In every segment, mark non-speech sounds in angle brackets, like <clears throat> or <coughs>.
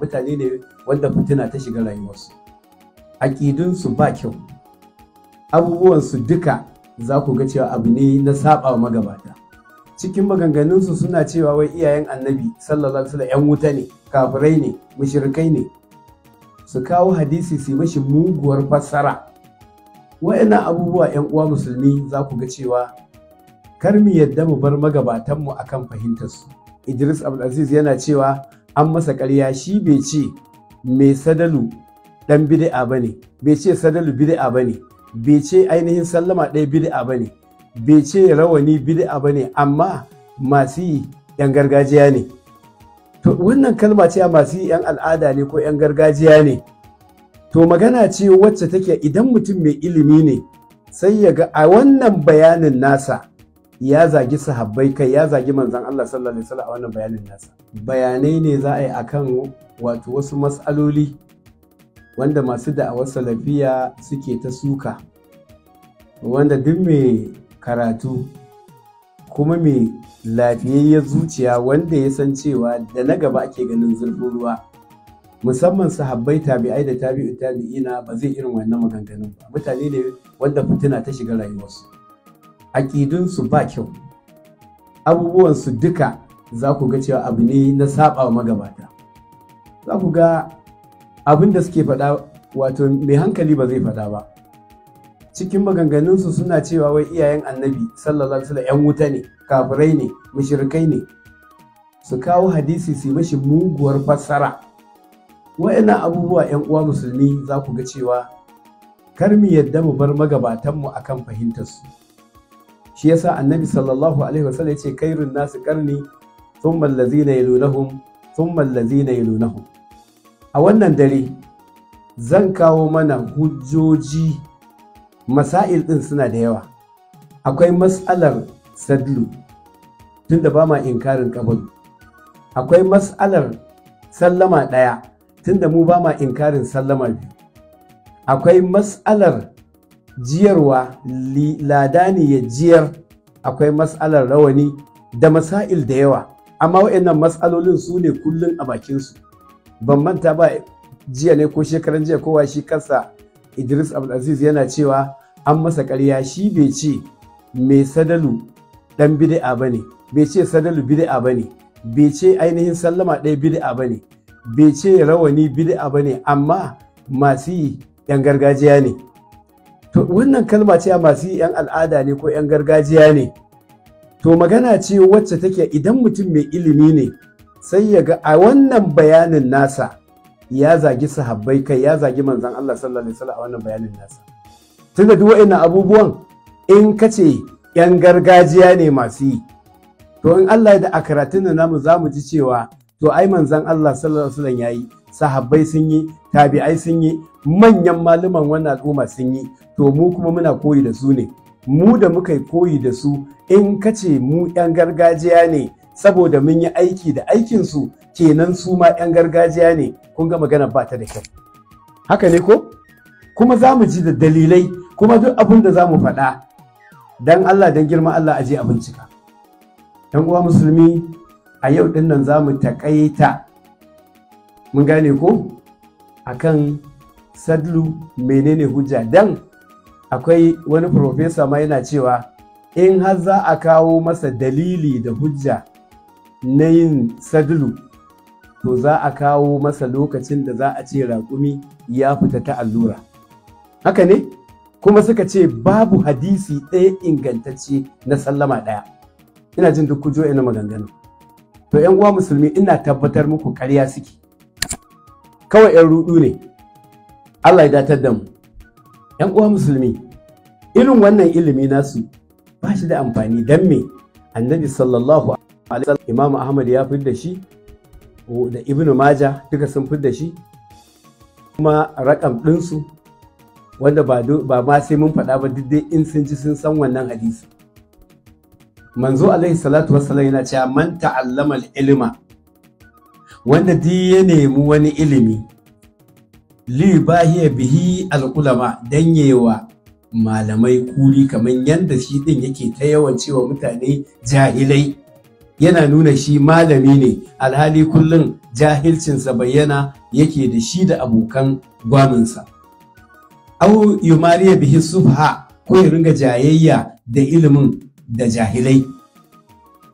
mutane ne wanda fitina ta shiga rayuwarsu aƙidunsu ba kyau abubuwansu duka za ku ga cewa abu ne na saɓawa magabata cikin maganganunsu suna cewa wai iyayen annabi sallallahu alaihi wasallam yan wuta ne kafirai ne mushrikai ne su kawo hadisi su mashi muguwar fassara wa'ina abubuwa yan uwa musulmi za ku ga cewa kar mu yadda mu bar magabatanmu akan fahimtarsu idris abdulaziz yana cewa an masa ƙarya shi bai ce mai sadalu ɗan bid'a ba ne bai ce sadalu bid'a ba ne bai ce ainihin sallama ɗaya bid'a ba ne bai ce rawani bid'a ba ne amma masu yi 'yan gargajiya ne to wannan kalma ce masu yi 'yan al'ada ne ko 'yan gargajiya ne to magana ce wacce take idan mutum mai ilimi ne sai ya ga a wannan bayanin nasa ya zagi sahabbai kai ya zagi manzan Allah sallallahu alaihi wasallam a wannan bayanin nasa bayanai ne za a yi akan wato wasu mas'aloli wanda masu da'awar salafiya suke ta suka wanda duk mai karatu kuma mai lafiyayyar zuciya wanda ya san cewa da na gaba ake ganin zurfin ruwa musamman sahabbai tabi'ai da tabi'u tabi'ina ba zai irin wannan maganganun ba mutane ne wanda fitina ta shiga rayuwarsu aƙidunsu ba kyau abubuwansu duka za ku ga cewa abu ne na saba wa magabata za ku ga abin da suke faɗa wato mai hankali ba zai faɗa ba cikin maganganunsu suna cewa wai iyayen annabi sallallahu alaihi yan wuta ne kafirai ne mushrikai ne su kawo hadisi su mashi muguwar fassara wa'ina abubuwa yan uwa musulmi za ku ga cewa kar mu yadda mu bar magabatanmu akan fahimtarsu shi yasa annabi sallallahu alaihi wasallam yace kairun nasu karni thumma allazina yalunahum thumma allazina yalunahum a wannan dare zan kawo mana hujjoji masail din suna da yawa akwai mas'alar sadlu tunda ba ma inkarin kabul akwai mas'alar sallama ɗaya tunda mu ba ma inkarin sallama biyu akwai mas'alar jiyarwa Lada ne ya jiyar akwai matsalar rawani da masail da yawa amma waɗannan matsalolin su ne kullum a bakinsu ban manta ba jiya ne ko shekaran jiya kowa shi kansa idris abdulaziz yana cewa an masa karya shi bai ce mai sadalu ɗan bid'a ba ne bai ce sadalu bid'a ba ne bai ce ainihin sallama ɗaya bid'a ba ne bai ce rawani bid'a ba ne amma masu yi 'yan gargajiya ne to wannan kalma ce masu yan al'ada ne ko yan gargajiya ne to magana ce wacce take idan mutum mai ilimi ne sai ya ga a wannan bayanin nasa ya zagi sahabbai kai ya zagi manzan Allah sallallahu alaihi a wannan bayanin nasa tunda duwa ina abubuwan in kace yan gargajiya ne masu yi to in Allah ya da a karatun namu za mu ji cewa to ai manzan Allah sallallahu alaihi wasallam yayi sahabbai sun yi tabi'ai sun yi manyan maluman wannan al'umma sun yi to mu kuma muna koyi da su ne mu da muka yi koyi da su in ka ce mu 'yan gargajiya ne saboda mun yi aiki da aikinsu kenan su ma 'yan gargajiya ne kun ga magana ba ta da kyau haka ne ko kuma za mu ji da dalilai kuma duk abin da za mu faɗa don allah don girman allah a je a bincika 'yan uwa musulmi a yau ɗin nan za mu taƙaita mun gane ko akan sadlu menene hujja dan akwai wani profesa ma yana cewa in har za a kawo masa dalili da hujja na yin sadlu to za a kawo masa lokacin da za a ce raƙumi ya fita ta allura haka ne kuma suka ce babu hadisi ɗaya ingantacce na sallama ɗaya ina jin duk kujo ina maganganu to 'yan uwa musulmi ina tabbatar muku karya suke kawai 'yan rudu ne Allah ya datar da mu 'yan uwa musulmi irin wannan ilimi nasu ba shi da amfani don me annabi sallallahu alaihi imamu ahmad ya fi da shi da ibnu maja duka sun fi da shi kuma rakam ɗinsu wanda ba ma sai mun faɗa ba duk dai in sun ji sun san wannan hadisi manzo alaihi salatu wassalam yana cewa man ta'allama ilima. wanda duk ya nemi wani ilimi ba li ya bihi al'ulama dan yewa malamai kuri kamar yanda shi din yake ta yawan cewa mutane jahilai yana nuna shi malami ne alhali kullum jahilcinsa bayyana yake da shi da abokan gwaminsa au yumariya bihi subha ko ya ringa jayayya da ilimin da jahilai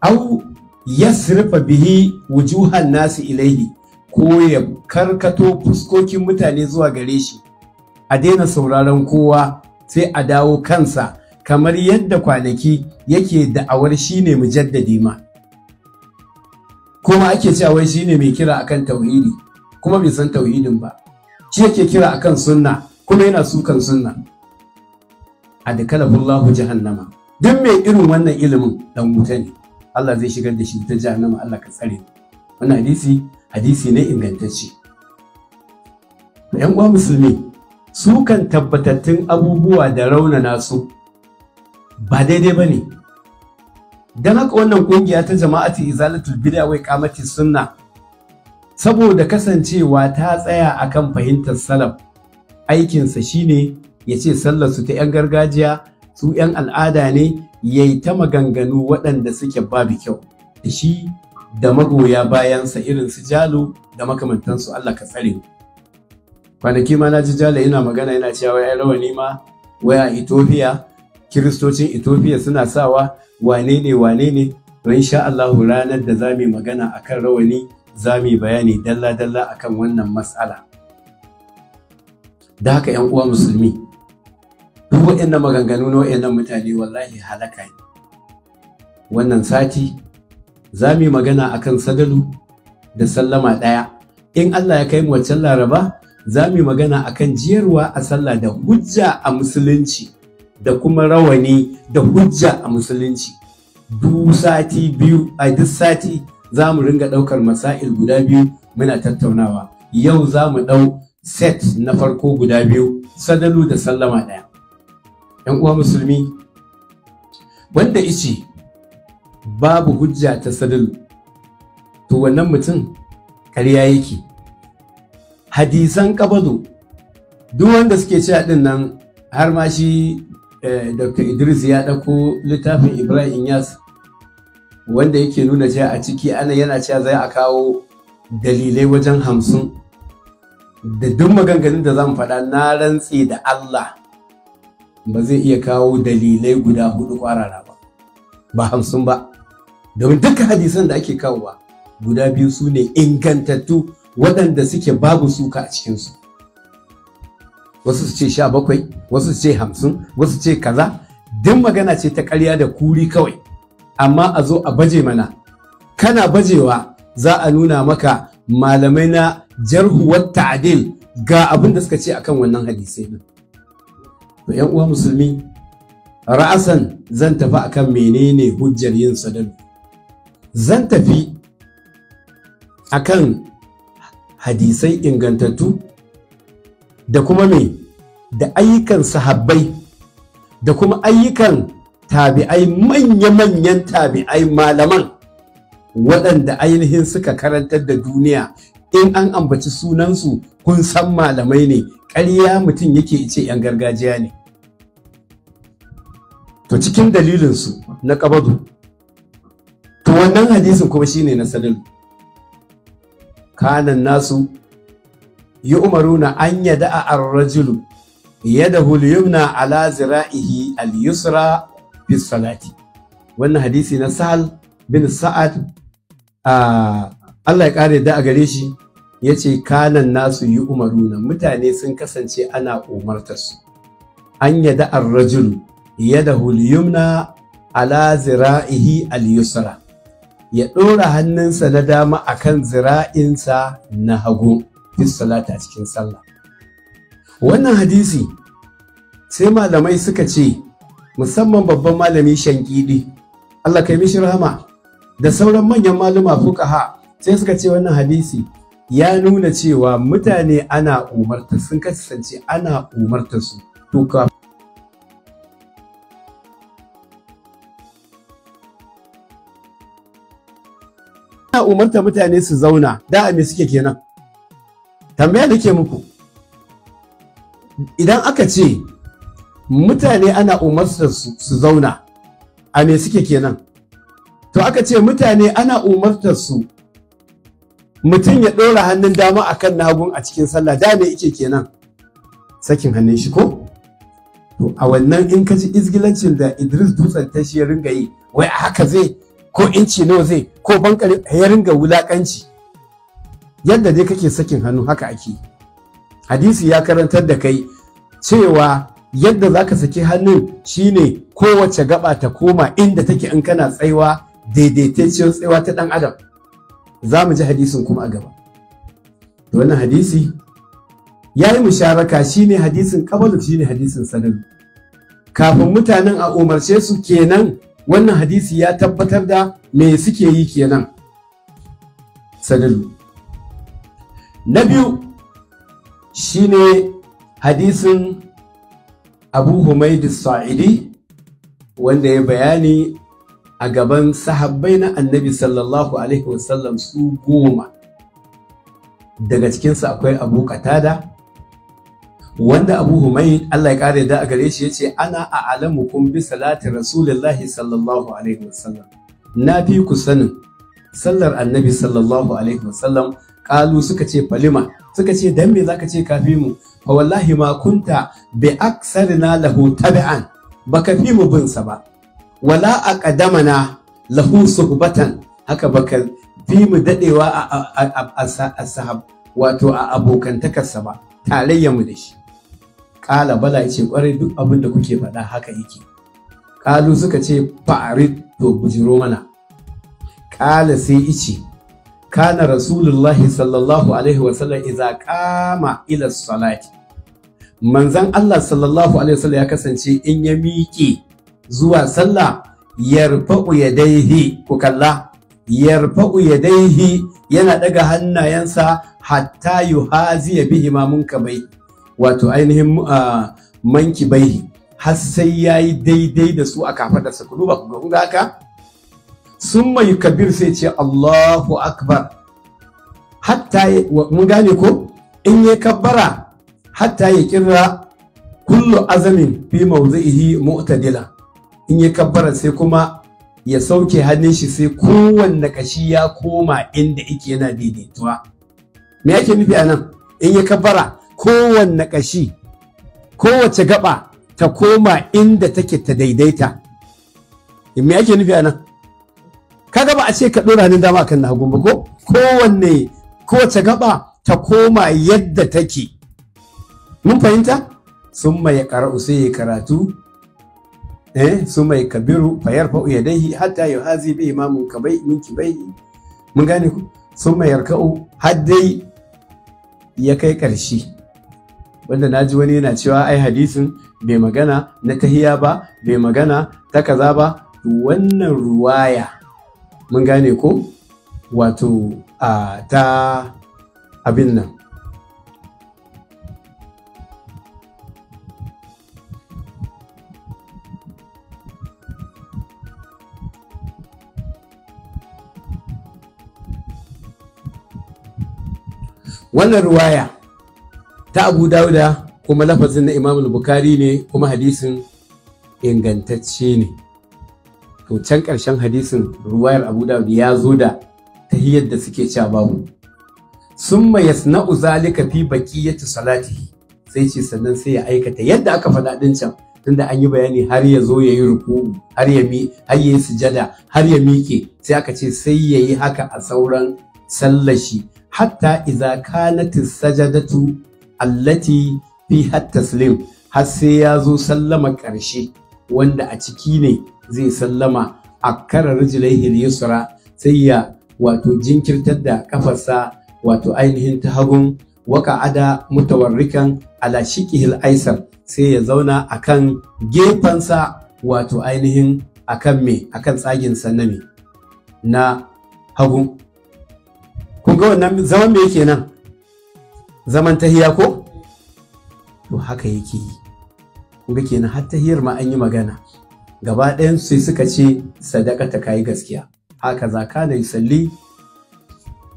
au Ya yasrifa bihi wujuhan nasu ilaihi ko ya karkato fuskokin mutane zuwa gare shi a daina sauraron kowa sai a dawo kansa kamar yadda kwanaki yake da'awar ne mujaddadi ma kuma ake cewa shi ne mai kira akan tauhidi kuma bai san tauhidin ba shi yake kira akan sunna kuma yana sukan sunna a Allahu jahannama duk mai irin wannan ilimin ɗan wuta ne Allah zai shigar da shi ta jahannama Allah ka tsare wannan hadisi hadisi ne ingantacce yan uwa musulmi su kan tabbatattun abubuwa da raunana su ba daidai ba ne don haka wannan kungiya ta jama'ati izalatul bid'a wai kamati sunna saboda kasancewa ta tsaya akan fahimtar salaf aikinsa shine ya ce sallar su ta 'yan gargajiya su 'yan al'ada ne ya yi ta maganganu waɗanda suke babu kyau da shi da magoya bayansa irin su jalo da makamantansu Allah ka tsare kwanaki ma na ji jalo yana magana yana cewa ya rawani ma waya Itofiya kiristocin Ethiopia suna sawa wane ne wane ne sha Allah ranar da za mu magana a akan rawani za mu bayani dalla dalla kan wannan matsala?' da haka 'yan uwa musulmi duk waɗannan maganganu na waɗannan mutane wallahi halaka ne wannan sati za mu yi magana akan sadalu da sallama ɗaya in Allah ya kai mu waccan laraba za mu yi magana akan jiyarwa a sallah da hujja a musulunci da kuma rawani da hujja a musulunci duk sati biyu a duk sati za mu ringa ɗaukar masail guda biyu muna tattaunawa yau za mu ɗau set na farko guda biyu sadalu da sallama ɗaya 'yan uwa musulmi wanda ice babu hujja ta sadil to wannan mutum ƙarya yake hadisan kabado duk wanda suke cewa din nan har ma shi eh, dr idris ya ɗauko littafin ibrahim yas wanda yake nuna cewa a ciki ana yana cewa zai a kawo dalilai wajen hamsin da duk maganganun da zan faɗa na rantse da allah ba zai iya kawo dalilai guda hudu kwarara ba ba hamsin ba domin duka hadisan da ake kawowa guda biyu su ne ingantattu waɗanda suke babu suka a cikinsu wasu su ce sha bakwai wasu su ce hamsin wasu ce kaza duk magana ce ta karya da kuri kawai amma a zo a baje mana kana bajewa za a nuna maka malamai na jarhuwar ta'adil ga abin da suka ce akan wannan hadisai to yan uwa musulmi ra'asan zan tafi akan menene hujjar yin sadadu zan tafi akan hadisai ingantattu da kuma me da ayyukan sahabbai da kuma ayyukan tabi'ai manya-manyan tabi'ai malaman waɗanda ainihin suka karantar da duniya in an ambaci sunansu kun san malamai ne ƙarya mutum yake ce 'yan gargajiya ne to cikin dalilinsu na ƙabadu to wannan hadisin kuma shine na salil kanan nasu yi umaruna an yada a arrajulu yadahu liyumna ala zira'ihi al-yusra fi salati wannan hadisi na sahal bin sa'ad ah, Allah ya ƙare da a gare shi ya ce kanan nasu yi umaruna mutane sun kasance ana umartar su an yada arrajulu yada hulyumna ala zira'ihi al-yusra ya ɗora hannunsa na dama a kan zira'insa na hagu bis salata cikin sallah wannan hadisi sai malamai suka ce musamman babban malami shankidi Allah kai mishi rahama da sauran manyan maluma fukaha sai suka ce wannan hadisi ya nuna cewa mutane ana umarta sun kasance ana umarta su to ka umarta mutane su zauna da me suke kenan tambaya ke muku idan aka ce mutane ana umarta su zauna a me suke kenan to aka ce mutane ana umarta su mutum ya ɗora hannun dama akan nagun a cikin sallah da me yake kenan sakin hannun shi ko to a wannan in ka ji izgilancin da Idris Dutsen ta shi ya ringa yi wai a haka zai ko inci nawa zai ko bankare ya ringa wulakanci yadda dai kake sakin hannu haka ake hadisi ya karantar da kai cewa yadda zaka saki hannun shine kowace gaba ta koma inda take in kana tsaiwa daidaitaccen tsaiwa ta dan adam za mu ji hadisin kuma a gaba to wannan hadisi ya yi musharaka shi ne hadisin kabalu ne hadisin sanin kafin mutanen a umarce su kenan wannan hadisi ya tabbatar da me suke yi kenan sanilu na biyu ne hadisin abu Humaydi sa'idi wanda ya bayani a gaban sahabbai na annabi sallallahu alaihi wasallam su goma daga cikinsu akwai abu katada wanda abu humai Allah ya kare da a gare shi ya ce ana a alamu kun bi salati rasulillahi sallallahu alaihi wasallam na fi ku sanin sallar annabi sallallahu alaihi wasallam kalu suka ce falima suka ce dan me zaka ce kafi mu fa wallahi ma kunta bi aksarina lahu tabi'an baka fi mu bin sa ba wala a ƙadamana lahu suhbatan haka baka bi mu daɗewa a sahab wato a abokantakarsa ba tarayya mu da shi kala bala ce ƙwarai duk abin da kuke faɗa haka yake Kalu suka ce fa'arid to bujiro mana ƙala sai ice kana rasulullahi sallallahu alaihi Wa sallam idza kama ila salati manzan Allah sallallahu alaihi Wa Sallam ya kasance in ya miƙe zuwa sallah yarfa'u yadaihi ku kalla yarfa'u yadaihi yana daga hannayensa hatta yuhazi bihi ma bai. wato ainihin manki bai, har sai yayi daidai da su a kafadarsa ku duba ku ga haka mai Kabir sai ce Allahu akbar hatta mun gane ko in ya kabbara hatta ya kirra kullu azamin fi mawzihi mu'tadila in ya kabbara sai kuma ya sauke hannun shi sai kowanne kashi ya koma inda yake yana daidaituwa me yake nufi a nan in ya kabbara kowanne kashi kowace gaba ta koma inda take ta daidaita me yake nufi a nan kaga ba a ce ka ɗora hannun dama kan na hagun ba ko kowanne kowace gaba ta koma yadda take mun fahimta sun ya karatu sai ya karatu eh kabiru fa yarfa'u yadayhi hatta yuhazi bi imamun kabai min kibai mun gane ku sun yarka'u har dai ya kai ƙarshe wanda na ji wani yana cewa ai hadisin bai magana na tahiya ba bai magana ta kaza ba wannan ruwaya mun gane ko wato a ta abin nan wannan ruwaya ta abu dauda kuma lafazin na imam bukari ne kuma hadisin ingantacce ne to can ƙarshen hadisin ruwayar abu dauda ya zo da tahiyyar da suke cewa babu sun maya yasna'u uzalika fi baqiyati salatihi sai ce sannan sai ya aikata yadda aka faɗa din can tunda an yi bayani har ya zo ya yi ruku har ya mi har ya yi sujada har ya miƙe sai aka ce sai ya yi haka a sauran sallashi hatta iza kanati sajadatu allati fi taslim har sai ya zo sallama ƙarshe wanda a ciki ne zai sallama a kara rijilai yusra sai ya wato jinkirtar da kafarsa wato ainihin ta hagun waka ada mutawarrikan ala hil aisar sai ya zauna akan gefensa wato ainihin akan me akan tsagin sannami na hagu Kunga wannan zaman me yake nan zaman tahiya ko to haka yake yi Kunga ga kenan har tahiyar ma an yi magana gaba ɗayan sai suka ce sadaka ta kayi gaskiya haka za ka da salli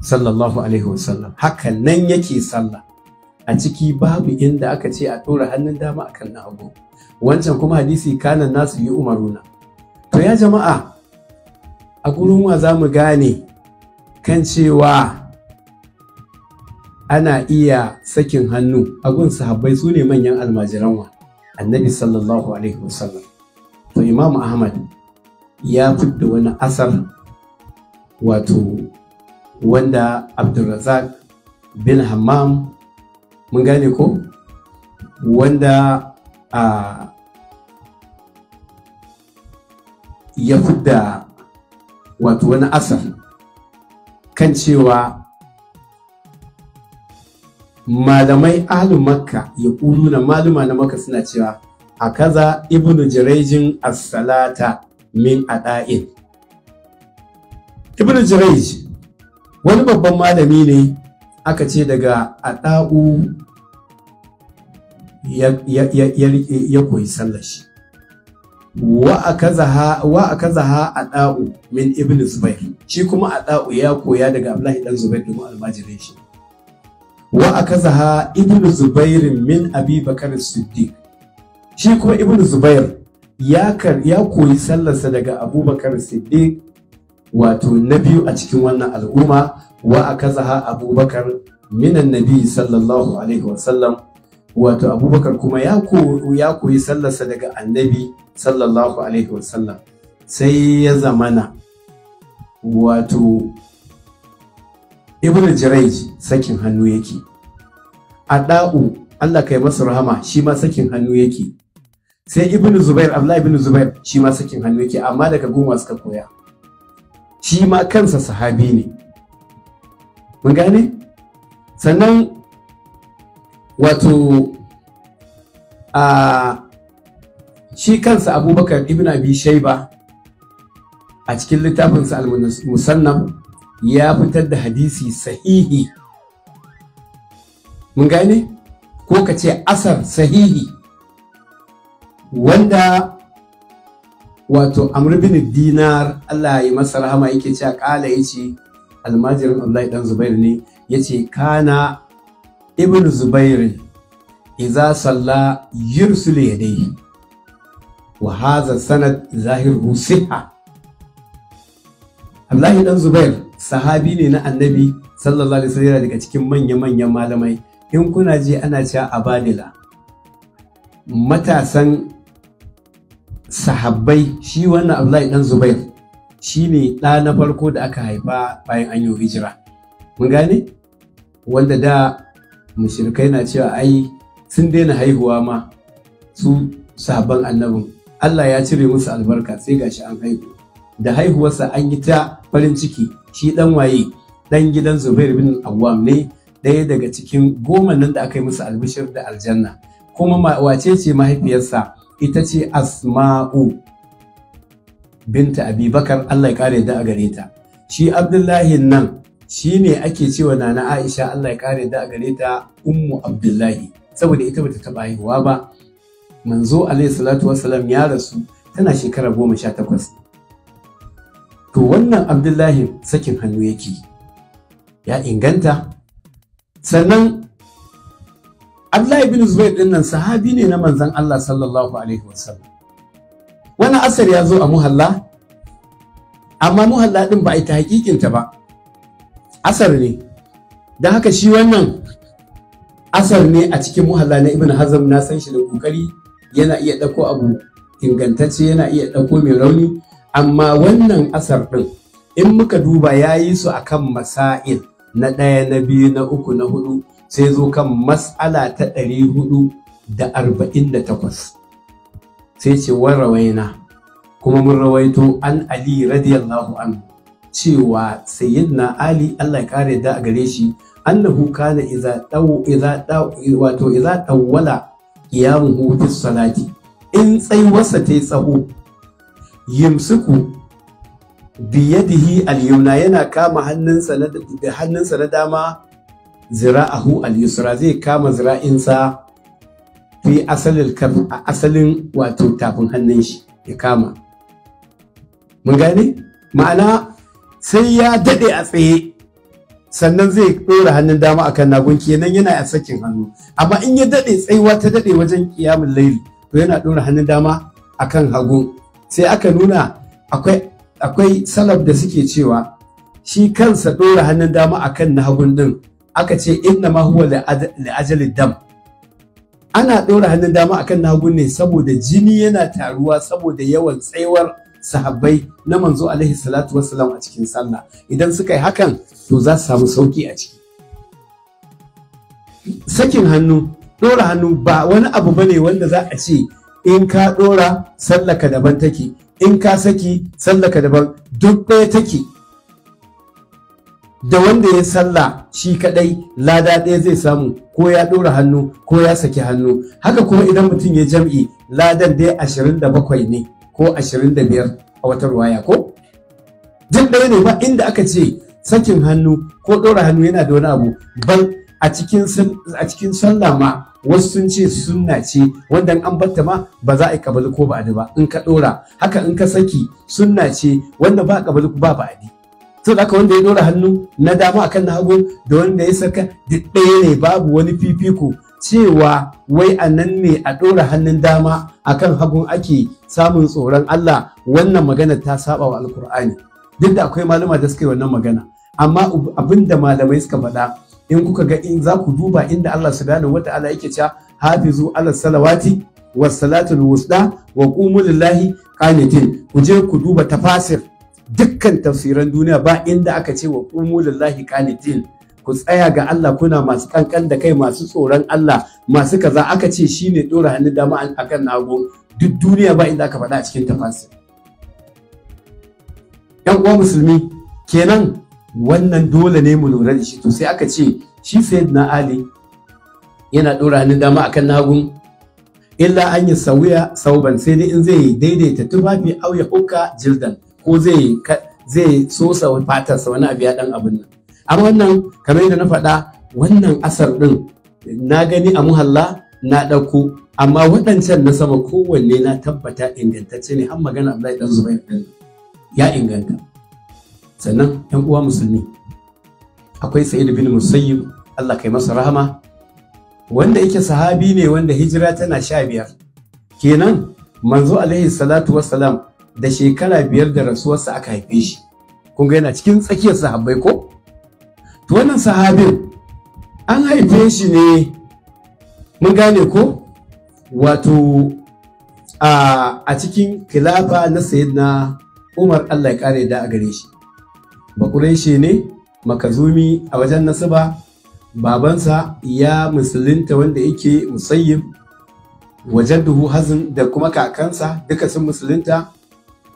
sallallahu alaihi wasallam haka nan yake sallah a ciki babu inda aka ce a ɗora hannun dama akan na abu wancan kuma hadisi kanan nasu yi umaruna to ya jama'a a gurin wa za mu gane kan cewa ana iya sakin hannu a gun sahabbai su ne manyan almajiran wa annabi sallallahu alaihi wasallam to imamu ahmad ya fidda wani asar wato wanda abdulrazak bin hammam mun gane ko wanda a ya fidda wato wani asar kan cewa malamai ahlun makka ya na maluma na makka suna cewa a kaza ibnu jirajin asalata salata min ada'in ibnu jiraj wani babban malami ne aka ce daga ada'u ya koyi sallar wa ha a ɗa'u min ibn zubair shi kuma a ɗa'u ya koya daga abdullahi dan zubair domin almajirin shi wa ha ibn zubair min abi bakar siddiq shi kuma ibn zubair ya ya koyi sallarsa daga abubakar siddiq wato na biyu a cikin wannan al'umma wa ha abubakar minan nabi sallallahu alaihi wasallam wato abubakar kuma ya koyi sallarsa daga annabi sallallahu alaihi wasallam sai ya zamana wato ibn jiraij sakin hannu yake a ɗa'u allah kai masa rahama shi ma sakin hannu yake sai ibn zubair abla ibn zubair shi ma sakin hannu yake amma daga goma suka koya shi ma kansa sahabi ne mun gane sannan wato a shi kansa abubakar ibn abi shaiba a cikin littafinsa al-musannaf ya fitar da hadisi sahihi mun gane ko ka ce asar sahihi wanda wato amr bin dinar Allah ya masa rahama yake cewa kala yace almajirin Allah dan Zubair ne yace kana ibn zubair iza salla yursul yadayhi wa haza sanad zahir siha Abdullahi dan Zubair sahabi ne na Annabi sallallahu alaihi wasallam daga cikin manya-manyan malamai in kuna je ana cewa abadila matasan sahabbai shi wannan Abdullahi dan Zubair shine ɗa na farko da aka haifa bayan an yi hijira mun gane wanda da mushirkai na cewa ai sun daina haihuwa ma su sahabban annabin Allah ya cire musu albarka sai gashi an haihu da haihuwarsa an yi ta farin ciki shi dan waye dan gidan Zubair bin Awwam ne ɗaya daga cikin goma nan da aka yi musu albishir da aljanna kuma wace ce mahaifiyarsa ita ce Asma'u binta Abibakar Allah ya kare da a gare ta shi Abdullahi nan shine ake cewa nana Aisha Allah ya kare da a gare ta ummu Abdullahi saboda ita bata taba haihuwa ba manzo alaihi salatu wassalam ya rasu tana shekara goma sha takwas to wannan Abdullahi sakin hannu yake ya inganta sannan Abdullahi bin Zubair din nan sahabi ne na manzon Allah sallallahu alaihi wasallam wani asar ya zo a muhalla amma muhalla din ba a yi ta hakikinta ba asar ne don haka shi wannan asar ne a cikin muhalla na ibn hazm na san shi da kokari yana iya ɗauko abu ingantacce yana iya ɗauko mai rauni amma wannan asar ɗin in muka duba ya yi su akan masa'il na ɗaya na biyu na uku na hudu sai zo kan mas'ala ta ɗari hudu da arba'in da takwas sai ce wa rawaina kuma mun rawaito an ali radiyallahu anhu cewa sayyidina ali Allah ya kare da a gare shi annahu kana iza dau iza dau wato iza tawwala qiyamuhu fi salati in tsaiwarsa ta tsaho yimsuku biyadihi al-yumna yana kama hannunsa na hannunsa na dama zira'ahu al-yusra zai kama zira'insa fi asalin asalin wato tafin hannun shi ya kama mun gane ma'ana sai ya daɗe a tsaye sannan zai ɗora hannun dama akan nagun kenan yana a sakin hannu amma in ya daɗe tsayuwa ta daɗe wajen kiyamun laili to yana ɗora hannun dama akan hagu sai aka nuna akwai salaf da suke cewa shi kansa ɗora hannun dama akan na hagun ɗin aka ce inna ma huwa li dam ana ɗora hannun dama akan na hagun ne saboda jini yana taruwa saboda yawan tsayuwar sahabbai na manzo alaihi salatu wassalam a cikin sallah idan suka yi hakan to za su samu sauki a ciki sakin hannu ɗora hannu ba wani abu bane wanda za a ce in ka ɗora sallaka daban take in ka saki sallaka daban duk ɗaya take da wanda ya sallah shi kadai lada ɗaya zai samu ko ya ɗora hannu ko ya saki hannu haka kuma idan mutum ya jam'i ladan dai ashirin da bakwai ne ko da biyar a wata ruwaya ko duk ɗaya ne ba inda aka ce sakin hannu ko ɗora hannu yana da wani abu ban a cikin sallah ma wasu sun ce sunna ce wanda an batta ma ba za a yi kabali ko ba'adi ba in ka ɗora haka in ka saki sunna ce wanda ba kabali ba ba'adi to da wanda ya ɗora hannu na dama akan na hagu da wanda ya saka duk ɗaya ne babu wani fifiko cewa wai a ne a ɗora hannun dama akan hagun ake samun tsoron Allah wannan magana ta saba wa alkur'ani duk da akwai malama da suka yi wannan magana amma abin da malamai suka faɗa in kuka ga in za ku duba inda Allah wata wata'ala yake cewa hafizu ala salawati was salatul wa qumu lillahi qanitin ku je ku duba tafasir dukkan tafsiran duniya ba inda aka ce wa qumu lillahi qanitin ku tsaya ga Allah kuna masu kankan da kai masu tsoron Allah masu kaza aka ce shine dora hannu dama akan nago duk duniya ba inda aka faɗa a cikin tafasa. yan uwa musulmi kenan wannan dole ne mu lura da shi to sai aka ce shi sayyidina ali yana dora hannun dama akan nagun illa an yi sauya sauban sai dai in zai daidaita tufafi au ya hukka jildan ko zai zai so fatarsa wani abu ya dan abin nan a wannan kamar yadda na faɗa wannan asar ɗin na gani a muhalla na ɗauko amma waɗancan na sama kowanne na tabbata ingantacce ne har magana Allah ɗan zuba ɗin ya inganta sannan yan uwa musulmi akwai Sa'id bin Musayyib Allah kai masa rahama wanda yake sahabi ne wanda hijira tana sha biyar kenan manzo alaihi salatu wassalam da shekara biyar da rasuwarsa aka haife shi kun ga yana cikin tsakiyar sahabbai ko to wannan sahabin an haife shi ne mun gane ko wato a cikin kilafa na sayyidina umar allah ya kare da a gare shi shi ne makazumi a wajen nasaba babansa ya musulunta wanda yake musayyib wajen duhu hazin da kuma kakansa duka sun musulunta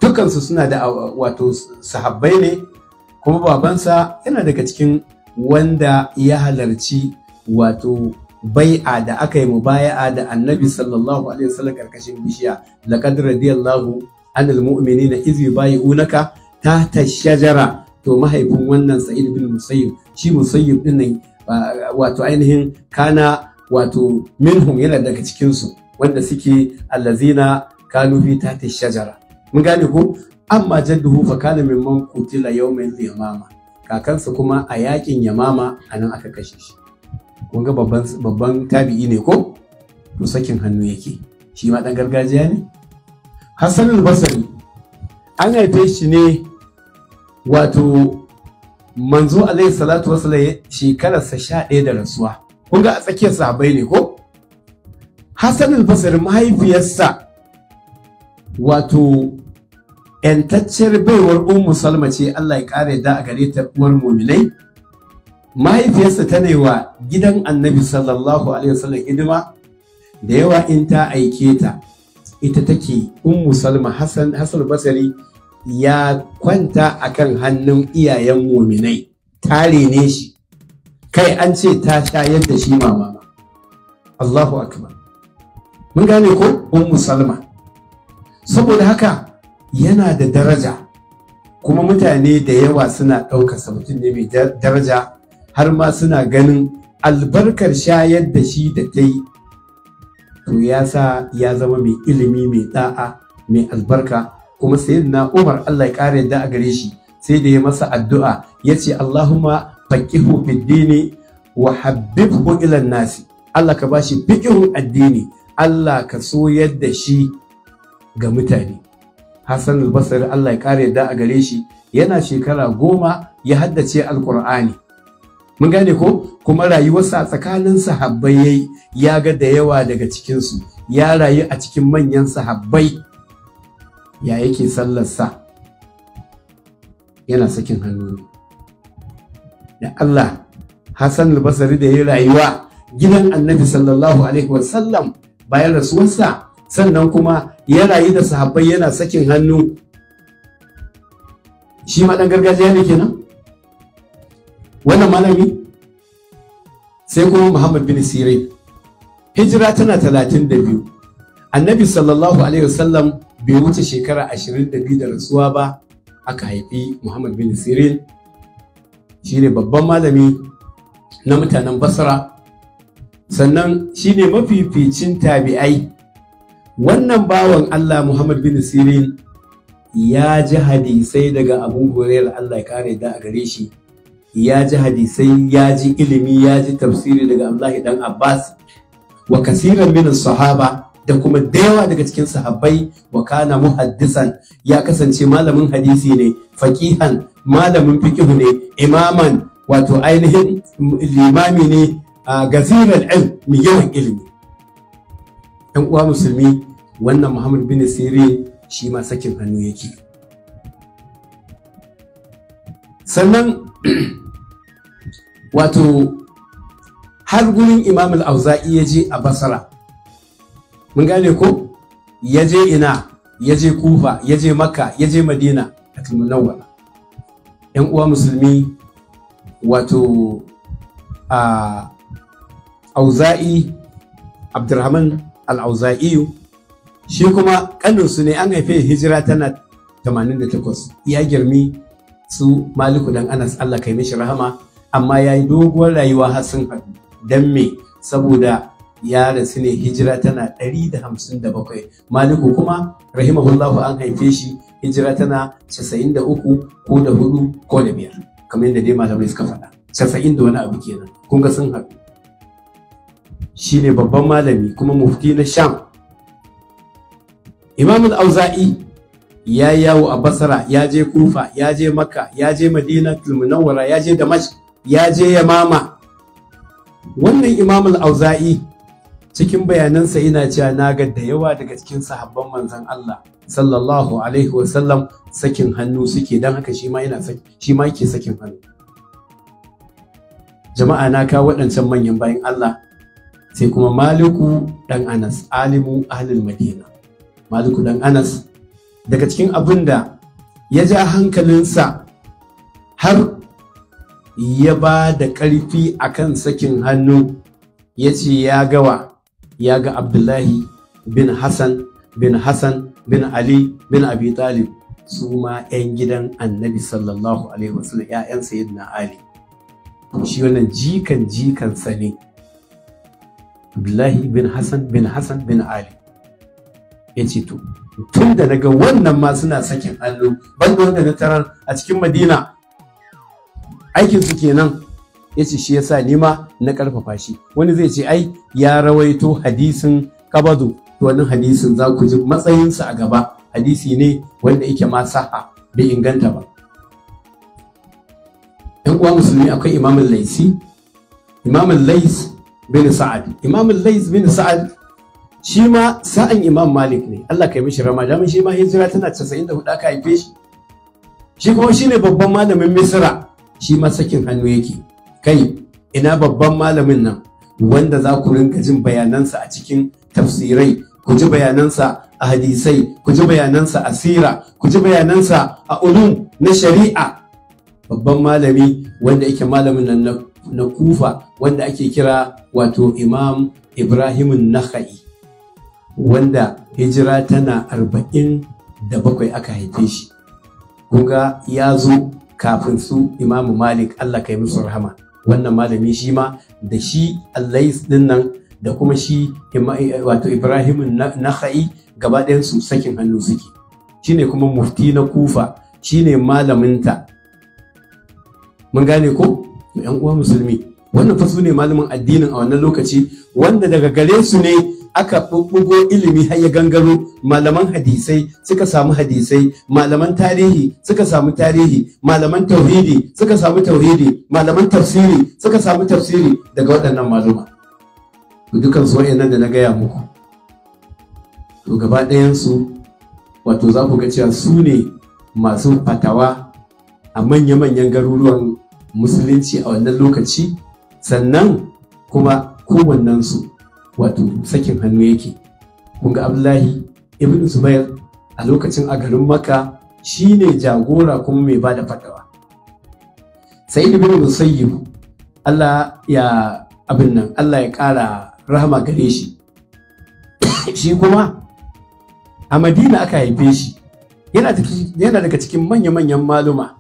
dukansu suna da wato sahabbai ne kuma babansa yana daga cikin wanda ya halarci wato bai'a da aka yi mubaya'a da annabi sallallahu alaihi wasallam karkashin bishiya laqad radiyallahu anil mu'minina iz yubayi'unaka ta shajara to mahaifin wannan sa'id bin musayyib shi musayyib din nan wato ainihin kana wato minhum yana daga cikin su wanda suke allazina kanu ta ta shajara mun gane ko amma jadduhu fa kana mimman qutila yawmin yamama kakansa kuma a yakin yamama a nan aka kashe shi kun ga babban tabi'i ne ko to sakin hannu yake shi ma dan gargajiya ne hassan al an haife shi ne wato manzo alaihi salatu wasallam shekararsa sha ɗaya da rasuwa kun ga a tsakiyar sahabbai ne ko hassan al mahaifiyarsa wato 'yantacciyar baiwar ummu salma ce Allah ya kare da a gare ta uwar muminai mahaifiyarsa ta ne wa gidan annabi sallallahu alaihi wasallam hidima da yawa in ta aike ta ita take ummu salma hasan hasan basari ya kwanta akan hannun iyayen muminai tare ne shi kai an ce ta shayar da shi mama Allahu akbar mun gane ko ummu salma saboda haka yana da daraja kuma mutane da yawa suna ɗauka mutum ne mai daraja har ma suna ganin albarkar shayar da shi da ta yi to ya sa ya zama mai ilimi mai da'a mai albarka kuma sai sayyidina umar allah ya ƙara yadda a gare shi sai da ya masa addu'a ya ce allahumma faƙihu fiddini dini wa habbibhu ila nasi allah ka bashi fiqhu addini allah ka so yadda shi ga mutane Hassan al-Basri Allah ya kare da a gare shi yana shekara goma ya haddace alkur'ani mun gane ko kuma rayuwarsa tsakanin sahabbai yayi ya ga da yawa daga cikinsu ya rayu a cikin manyan sahabbai ya yake sallarsa yana sakin hannu da Allah Hassan al-Basri da ya rayuwa gidan Annabi sallallahu alaihi wasallam bayan rasuwarsa sannan kuma yana yi da sahabbai yana sakin hannu shi ma dan gargajiya ne kenan wannan malami sai kuma muhammad bin sirai hijira tana talatin da biyu annabi sallallahu alaihi wasallam bai wuce shekara ashirin da biyu da rasuwa ba aka haifi muhammad bin sirin shi ne babban malami na mutanen basra sannan shi ne mafificin tabi'ai wannan bawan Allah Muhammad bin Sirin ya ji hadisai daga Abu Hurairah Allah ya kare da a gare shi ya ji hadisai ya ji ilimi ya ji tafsiri daga Abdullahi dan Abbas wa kasiran min sahaba da kuma da yawa daga cikin sahabbai wa kana muhaddisan ya kasance malamin hadisi ne faqihan malamin fiqh ne imaman wato ainihin limami ne a gaziran ilmi yawan ilimi 'yan uwa musulmi wannan muhammad bin sirin shi ma sakin hannu yake sannan <clears throat> wato har gurin imam al-auza'i ya je a basra mun gane ko ya je ina ya je kufa ya je makka ya je madina a tilmunawwala yan uwa musulmi wato a auza'i abdurrahman al'auza'iyu shi kuma kaninsu ne an haife hijira tana 88 ya girmi su maliku dan anas Allah kai mishi rahama amma ya yi doguwar rayuwa har sun haɗu me saboda ya rasu ne hijira tana 157 maliku kuma rahimahullahu an haife shi hijira tana 93 ko da hudu ko da biyar kamar yadda dai malamai suka faɗa 90 da wani abu kenan kun ga sun haɗu shine babban malami kuma mufti na sham imam al-auza'i ya yawo a basra ya je kufa ya je makka ya je madina munawwara ya je damash ya je yamama wannan imam auzai cikin bayanansa ina cewa na ga da yawa daga cikin sahabban manzon Allah sallallahu alaihi wasallam sakin hannu suke don haka shi ma yana shi ma yake sakin hannu jama'a na ka waɗancan manyan bayan Allah sai kuma maliku dan anas alimu ahlul madina maliku dan anas daga cikin abin da ya ja hankalinsa har ya ba da ƙarfi a kan sakin hannu ya ce ya gawa ya ga abdullahi bin hassan bin hassan bin ali bin abi talib su ma 'yan gidan annabi sallallahu alaihi wasu 'ya'yan sayyidina ali shi wannan jikan sa ne Abdullahi bin Hassan bin Hassan bin Ali ya ce to tun da na ga wannan ma suna sakin allo ban da na tarar a cikin Madina aikin su kenan ya ce shi yasa ni ma na karfafa shi wani zai ce ai ya rawaito hadisin ƙabadu to wannan hadisin za ku ji matsayinsa a gaba hadisi ne wanda yake ma saha bai inganta ba yan uwa musulmi akwai imamin laisi imamin laisi bin Sa'ad Imam Lais bin Sa'ad shi ma sa'an Imam Malik ne Allah kai mishi rama da shi ma hijira tana 94 aka haife shi shi kuma shine babban malamin Misra shi ma sakin hannu yake kai ina babban malamin nan wanda za ku rinka jin bayanansa a cikin tafsirai ku ji bayanansa a hadisai ku ji bayanansa a sira ku ji bayanansa a ulum na shari'a babban malami wanda yake malamin nan na kufa wanda ake kira wato imam Ibrahim naka'i wanda hijira tana arba'in da bakwai aka haife shi kunga ya zo kafin su imamu malik allah kai musu rahama wannan malami shi ma da shi allai din nan da kuma shi wato ibrahimun gaba su sakin hannu suke shine kuma mufti na kufa shine malaminta mun gane ko yan uwa musulmi wannan fa su ne malamin addinin a wannan lokaci wanda daga gare su ne aka bubbugo ilimi har ya gangaro malaman hadisai suka samu hadisai malaman tarihi suka samu tarihi malaman tauhidi suka samu tauhidi malaman tafsiri suka samu tafsiri daga waɗannan maluma dukkan su wayannan da na gaya muku to gaba ɗayansu wato za ku ga cewa su ne masu fatawa a manya-manyan garuruwan musulunci a wannan lokaci sannan kuma su wato sakin hannu yake kunga abdullahi ibn zubair a lokacin a garin maka shine jagora kuma mai bada da fadawa sai ibn musayyib Allah ya abin nan Allah ya ƙara rahama gare shi shi kuma a madina aka haife shi yana daga cikin manya-manyan maluma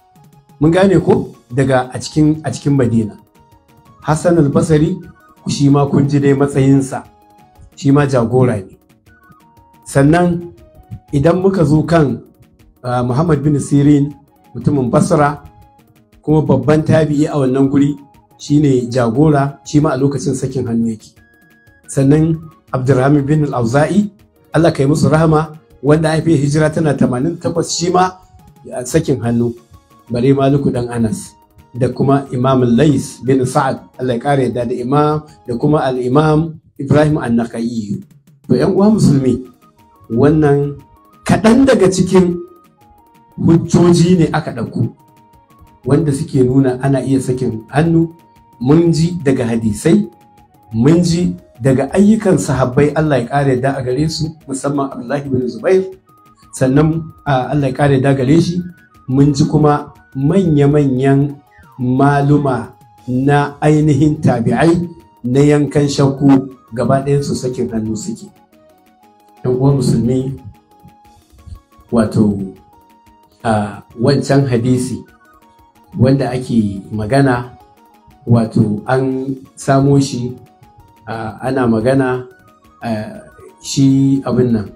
mun gane ko daga a cikin a cikin madina hassan albasari shi ma kun ji dai matsayinsa shi ma jagora ne sannan idan muka zo kan muhammad bin sirin mutumin basra kuma babban tabi'i a wannan guri shine jagora shi ma a lokacin sakin hannu yake sannan abdurrahman bin al-auza'i allah kai musu rahama wanda haife hijira tana 88 shi ma sakin hannu bare maluku dan anas da kuma imam lais bin sa'ad allah kare da da imam da kuma al'imam ibrahim an to yan uwa musulmi wannan kaɗan daga cikin hujjoji ne aka ɗauku wanda suke nuna ana iya sakin hannu mun ji daga hadisai mun ji daga ayyukan sahabbai Allah ya kare da a gare su musamman Abdullahi bin Zubair sannan Allah ya kare da gare shi mun ji kuma manya-manyan maluma na ainihin tabi'ai na yankan shakku gaba su sakin hannu suke. uwan musulmi wato a wancan hadisi wanda ake magana wato an samo shi ana magana shi abin nan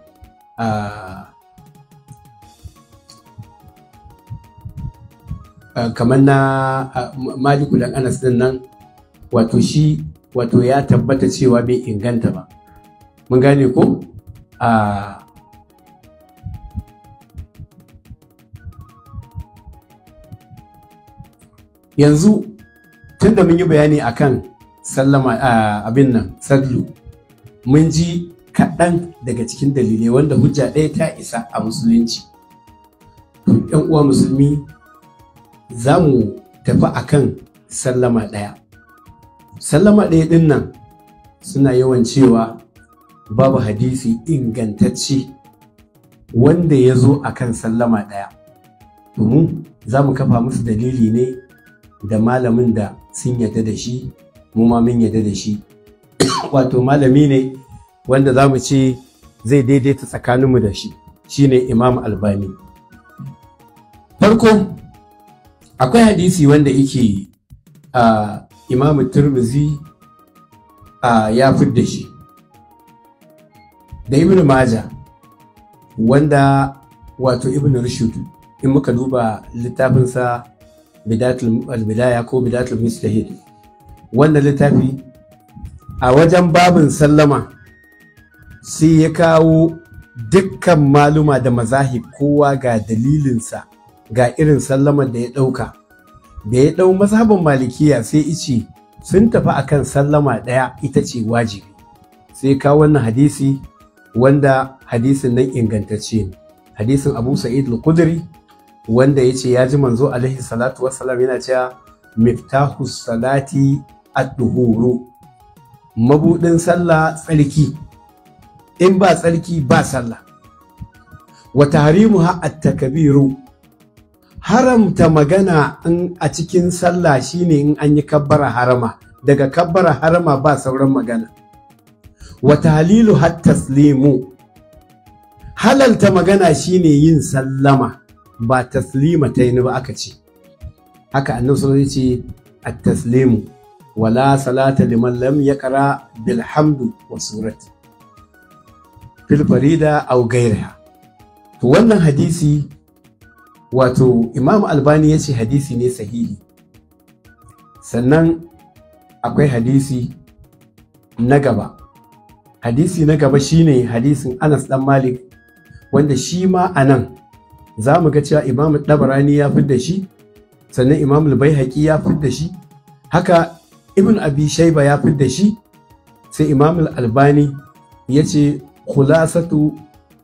Ah, kamar na ah, maliku dan anas din nan wato shi wato ya tabbata cewa bai inganta ba mun gane ko a ah, yanzu tun da mun yi bayani a kan sallama abin nan sallu mun ji kaɗan daga cikin dalilai wanda hujja ɗaya ta isa a musulunci 'yan uwa musulmi za mu tafi a kan sallama ɗaya sallama ɗaya ɗin nan suna yawan cewa babu hadisi ingantacce wanda ya zo a kan sallama ɗaya domin za mu kafa musu dalili ne da malamin da sun yadda da shi mu ma mun yadda da shi <coughs> wato malami ne wanda za mu ce zai daidaita tsakaninmu da shi shine imam albani farko akwai hadisi wanda yake a imamu turbizi a ya fidda shi da ibn maja wanda wato ibn rushd in muka duba littafinsa albidaya ko bidatul mustahid wannan littafi a wajen babin sallama sai ya kawo dukkan maluma da mazahi kowa ga dalilinsa ga irin sallamar da ya ɗauka da ya ɗau mazhaban malikiya sai ici sun tafi a kan sallama ɗaya ita ce wajibi sai ka wannan hadisi wanda hadisin nan ingantacce ne hadisin abu sa'id al-kudri wanda ya ce ya ji manzo alaihi salatu wassalam yana cewa miftahu salati ad-duhuru mabudin sallah tsarki in ba tsarki ba sallah wa tahrimuha at-takbiru haramta magana a cikin sallah shine in an yi kabbara harama daga kabbara harama ba sauran magana wata halilu hat taslimu halalta magana shine yin sallama ba taslima ta yi ba aka ce haka annan sallallahu ce a taslimu wala salata liman lam ya kara bilhamdu wa surat fil da aw wannan hadisi wato imam albani ya ce hadisi ne sahihi sannan akwai hadisi na gaba hadisi na gaba shine hadisin anas dan malik wanda shi ma a nan za mu ga cewa imam dabarani ya fi da shi sannan imam albayhaqi ya fi da shi haka ibn abi shaiba ya fi da shi sai imam albani ya ce khulasatu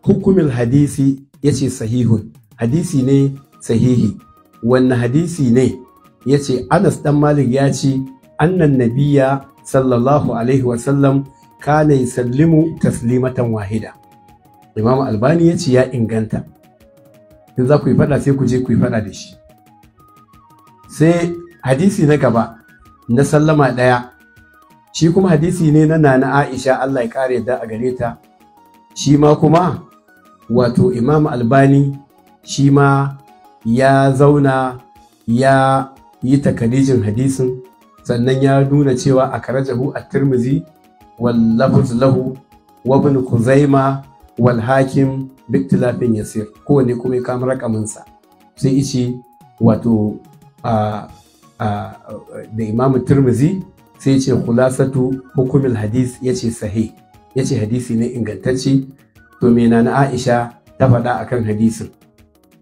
hukumil hadisi ya ce sahihun hadisi ne sahihi wanne hadisi ne ya ce anas dan malik ya ce annan nabiya sallallahu alaihi wasallam kana sallimu taslimatan wahida imam albani ya ce ya inganta in za ku yi fada sai ku je ku yi fada da shi sai hadisi na gaba na sallama ɗaya shi kuma hadisi ne na nana aisha allah ya kare da a gare ta shi ma kuma wato imam albani shi ma ya zauna ya yi takalijin hadisin sannan ya nuna cewa a karajahu a tirmizi lahu wa kuzaima wal hakim biktilafin yasir kowanne kuma ya kama rakaminsa sai ishi wato da imamu tirmizi sai ce kulasatu hukumin hadis ya ce sahi ya ce hadisi ne ingantacce to mena na aisha ta faɗa akan hadisin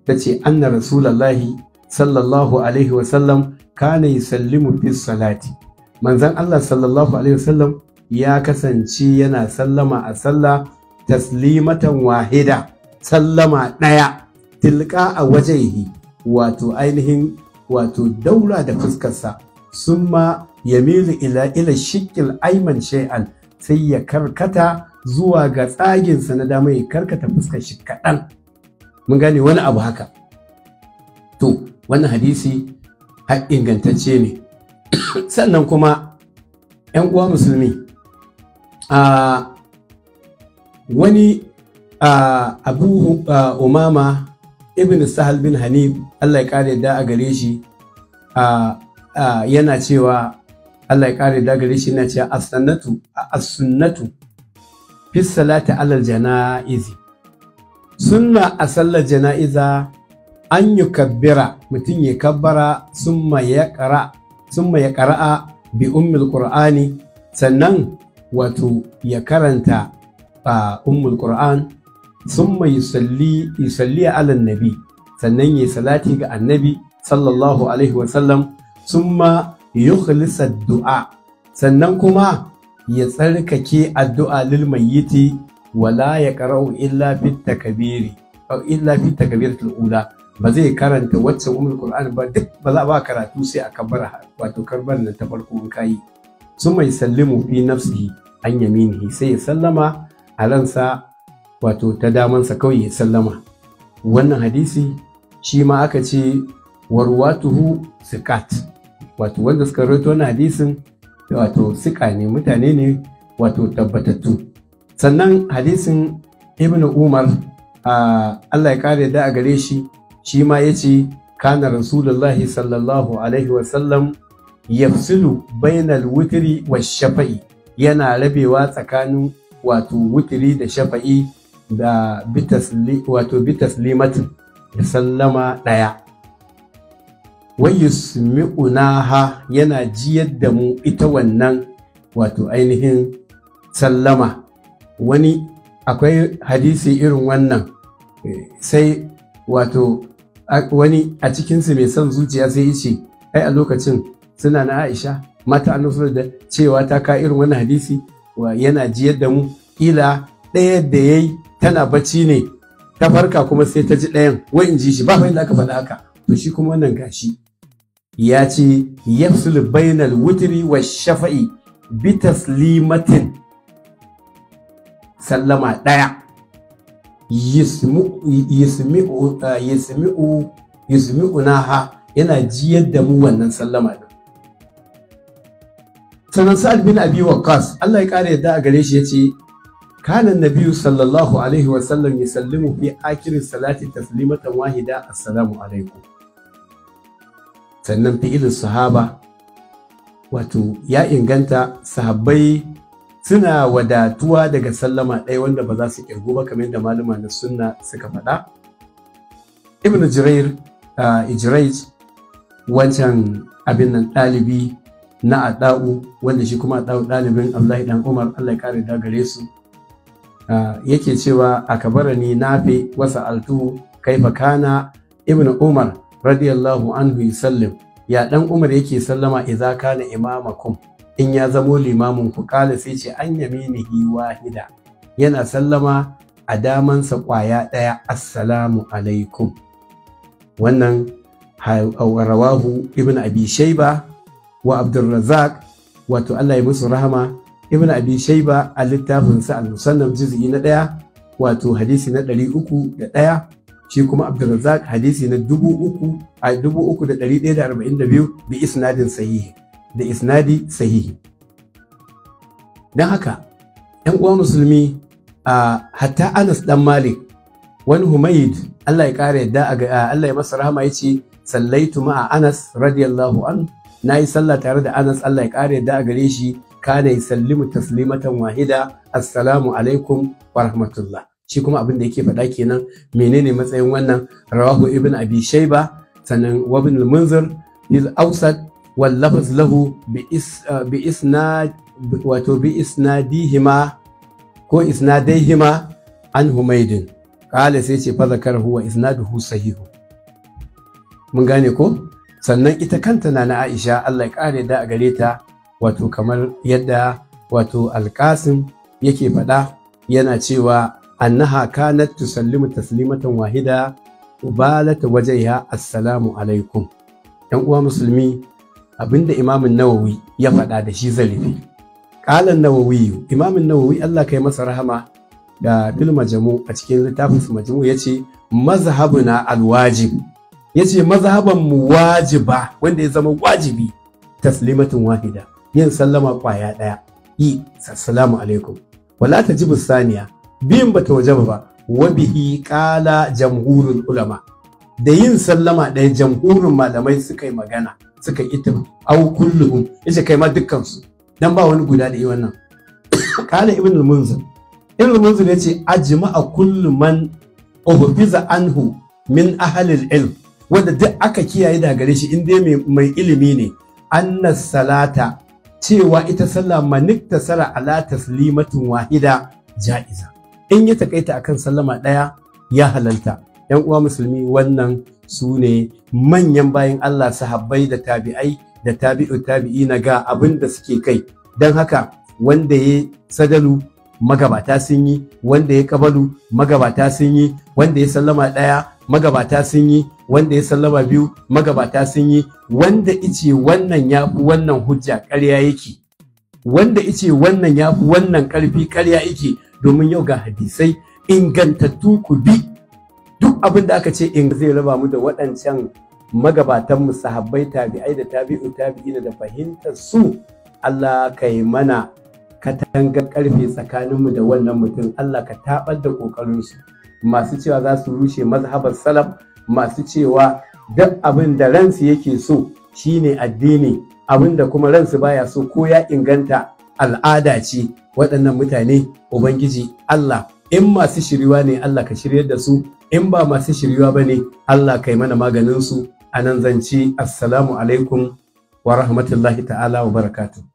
ta ce anna rasulallahi sallallahu alaihi wasallam kana yusallimu fi salati manzan Allah sallallahu alaihi wasallam ya kasance yana sallama a sallah taslimatan wahida sallama ɗaya tilka a wajehi wato ainihin wato daura da fuskarsa sun ma ya ila ila shikil aiman shay'an sai ya karkata zuwa ga tsaginsa na dama ya karkata fuskar shi kaɗan mun gane wani abu haka to wannan hadisi ingantacce ne <coughs> sannan kuma 'yan uwa musulmi a wani abu umama ibn sahal bin hanif allah ya kare da a gare shi yana cewa allah ya kare da gare shi yana cewa as-sunnatu fi salati alal jana'izi sunna a sallar jana'iza an yi kabbira mutum ya kabbara sun ya ƙara'a bi ummul qur'ani sannan wato ya karanta a ummul qur'an sun yusalli yusalli ala nabi sannan ya salati ga annabi sallallahu alaihi wa sallam yi du'a sannan kuma ya tsarkake addu'a lil mayyiti wala ya karau illa bit illa bit ula ba zai karanta wacce umul qur'an ba duk ba za ba karatu sai a kabbara wato karbar nan ta farko in kai sun mai sallimu fi nafsihi an yaminihi sai ya sallama a ransa wato ta damansa kawai ya sallama wannan hadisi shi ma aka ce warwatuhu sikat wato wanda suka rawaito wannan hadisin wato sika ne mutane ne wato tabbatattu sannan hadisin ibn umar Allah ya kare da a gare shi shi ma ya ce kana rasulullahi sallallahu alaihi wasallam yafsilu bainal wutiri wa shafa'i yana rabewa tsakanin wato wutiri da shafa'i da wato limatin da sallama ɗaya ha yana jiyar da mu ita wannan wato ainihin sallama wani akwai hadisi irin wannan sai wato wani a cikinsu mai son zuciya sai ya ce ai a lokacin suna na aisha mata annabi da cewa ta ka irin wani hadisi wa yana ji da mu ila ɗaya da ya yi tana bacci ne ta farka kuma sai ta ji ɗayan wai in ji shi ba wanda aka faɗa haka to shi kuma wannan gashi ya ce yafsul bainal wutri wa shafa'i bitas limatin. sallama ɗaya uh, yusmi'u naha yana jiyar da mu wannan sallama ɗin sannan sa'ad bin abi waqqas Allah ya kare yadda a gare shi yace kana nabiyyu sallallahu alaihi wa sallam yusallimu fi akhir salati taslimatan wahida assalamu alaikum sannan fi'ilin sahaba wato ya inganta sahabbai suna wadatuwa daga sallama ɗaya wanda ba za su ƙirgu ba kamar yadda malama na sunna suka faɗa ibn jirair ijraiz wancan abin nan ɗalibi na ada'u wanda shi kuma ada'u ɗalibin abdullahi dan umar allah ya kare da gare su yake cewa a kabara ni nafi wasa altu kai bakana ibn umar radiyallahu anhu sallim ya dan umar yake sallama idza kana imamakum in ya zamo limamin ku kala sai ce an yaminihi wahida yana sallama a daman sa kwaya ɗaya assalamu alaikum wannan rawahu ibn abi shaiba wa abdulrazak wato Allah ya musu rahama ibn abi shaiba a littafinsa al-musannaf juz'i na ɗaya wato hadisi na ɗari uku da ɗaya shi kuma abdulrazak hadisi na dubu uku a dubu uku da ɗari ɗaya da arba'in da biyu bi isnadin sahihi da isnadi sahihi don haka ‘yan uwan musulmi a hatta anas dan malik wani humayid allah ya ƙara yadda allah ya masa rahama ya ce sallaitu ma'a anas radiyallahu an na yi sallah tare da anas allah ya ƙara yadda a gare shi kana yi sallimu taslimatan wahida assalamu alaikum wa rahmatullah shi kuma abin da yake faɗa kenan menene matsayin wannan rawahu ibn abi shaiba sannan wabin munzir lil ausat واللفظ له بإسناد wato bi isnadihima ko isnadaihima an humaidin kala sai ce fa zakar huwa isnaduhu sahihu mun gane ko sannan ita kanta na na Aisha Allah ya kare da a gare ta wato kamar yadda wato alkasim yake faɗa yana cewa annaha kanat tusallimu taslimatan wahida ubalata wajaiha assalamu alaikum yan uwa musulmi abinda imamin nawawi ya faɗa da shi zalifi ƙalan nawawi imamin nawawi Allah kai masa rahama da fil majamu a cikin littafin su majamu ya ce mazhabuna alwajib ya mazhaban mu wajiba wanda ya zama wajibi taslimatin wahida yin sallama kwaya ɗaya yi assalamu alaikum wala tajibu saniya biyun bata wajaba ba wa bihi qala jamhurul ulama da yin sallama ɗaya jamhurin malamai suka yi magana suka ita au kulluhum yace kai ma dukkan su dan ba wani guda da yi wannan <coughs> kala ibn al-munzir ibn al-munzir yace ajma'a kullu man uhfiza anhu min ahli al-ilm wanda duk aka kiyaye da gare shi in dai mai ilimi ne anna salata cewa ita sallah manikta sala ala taslimatin wahida ja'iza in ya takaita akan sallama daya ya halalta yan uwa musulmi wannan su ne manyan bayan Allah sahabbai da tabi'ai da tabi'u tabi'i na ga abin da suke kai don haka wanda ya sadalu magabata sun yi wanda ya kabalu magabata sun yi wanda ya sallama ɗaya magabata sun yi wanda ya sallama biyu magabata sun yi wanda ice wannan ya fi wannan hujja ƙarya yake wanda ice wannan ya fi wannan ƙarfi ƙarya yake domin yau ga hadisai ingantattu ku bi duk abin da aka ce in eh, zai raba mu da waɗancan magabatan mu sahabbai tabi'ai da tabi'u tabi'ina da fahimtar su Allah ka yi mana katangar karfe tsakaninmu da wannan mutum Allah ka tabar da su. masu cewa za su rushe mazhabar salaf masu cewa duk abin da ransu yake so shine addini abin da kuma ransu baya so ko ya inganta al'ada ce waɗannan mutane ubangiji Allah in masu shiriwa ne Allah ka shiryar da su in ba masu shiryuwa ba ne Allah kai mana maganinsu a nan zance assalamu alaikum wa rahmatullahi ta'ala wa barakatuh